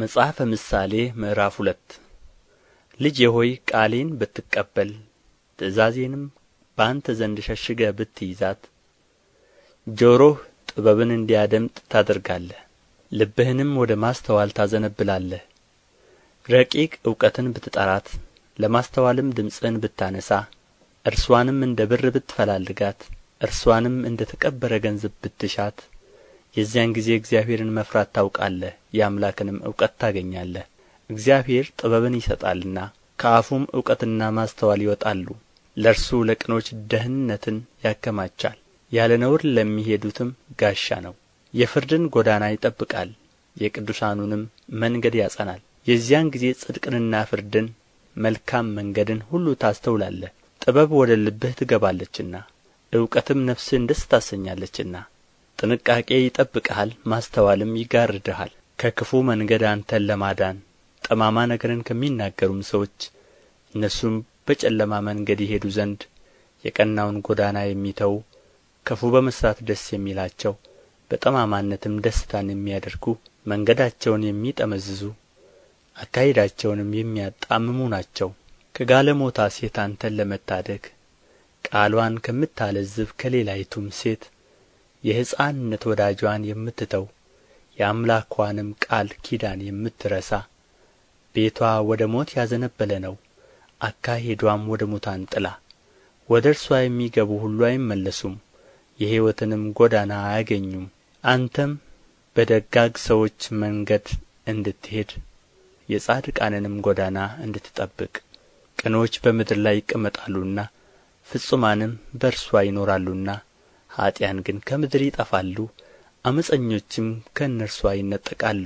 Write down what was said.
መጽሐፈ ምሳሌ ምዕራፍ ሁለት ልጄ ሆይ ቃሌን ብትቀበል ትእዛዜንም በአንተ ዘንድ ሸሽገ ብትይዛት ጆሮህ ጥበብን እንዲያደምጥ ታደርጋለህ ልብህንም ወደ ማስተዋል ታዘነብላለህ ረቂቅ እውቀትን ብትጠራት ለማስተዋልም ድምፅህን ብታነሳ እርሷንም እንደ ብር ብትፈላልጋት እርሷንም እንደ ተቀበረ ገንዘብ ብትሻት የዚያን ጊዜ እግዚአብሔርን መፍራት ታውቃለህ የአምላክንም እውቀት ታገኛለህ እግዚአብሔር ጥበብን ይሰጣልና ከአፉም እውቀትና ማስተዋል ይወጣሉ ለእርሱ ለቅኖች ደህንነትን ያከማቻል ያለ ነውር ለሚሄዱትም ጋሻ ነው የፍርድን ጎዳና ይጠብቃል የቅዱሳኑንም መንገድ ያጸናል የዚያን ጊዜ ጽድቅንና ፍርድን መልካም መንገድን ሁሉ ታስተውላለህ ጥበብ ወደ ልብህ ትገባለችና እውቀትም ነፍስህን ደስ ታሰኛለችና ጥንቃቄ ይጠብቅሃል፣ ማስተዋልም ይጋርድሃል። ከክፉ መንገድ አንተን ለማዳን ጠማማ ነገርን ከሚናገሩም ሰዎች እነርሱም በጨለማ መንገድ ይሄዱ ዘንድ የቀናውን ጎዳና የሚተው ክፉ በመሥራት ደስ የሚላቸው በጠማማነትም ደስታን የሚያደርጉ መንገዳቸውን የሚጠመዝዙ አካሄዳቸውንም የሚያጣምሙ ናቸው። ከጋለሞታ ሴት አንተን ለመታደግ ቃሏን ከምታለዝብ ከሌላይቱም ሴት የሕፃንነት ወዳጇን የምትተው የአምላክዋንም ቃል ኪዳን የምትረሳ ቤቷ ወደ ሞት ያዘነበለ ነው አካሄዷም ወደ ሙታን ጥላ ወደ እርሷ የሚገቡ ሁሉ አይመለሱም የሕይወትንም ጎዳና አያገኙም አንተም በደጋግ ሰዎች መንገድ እንድትሄድ የጻድቃንንም ጎዳና እንድትጠብቅ ቅኖች በምድር ላይ ይቀመጣሉና ፍጹማንም በእርሷ ይኖራሉና ኀጥኣን ግን ከምድር ይጠፋሉ ዓመፀኞችም ከእነርሷ ይነጠቃሉ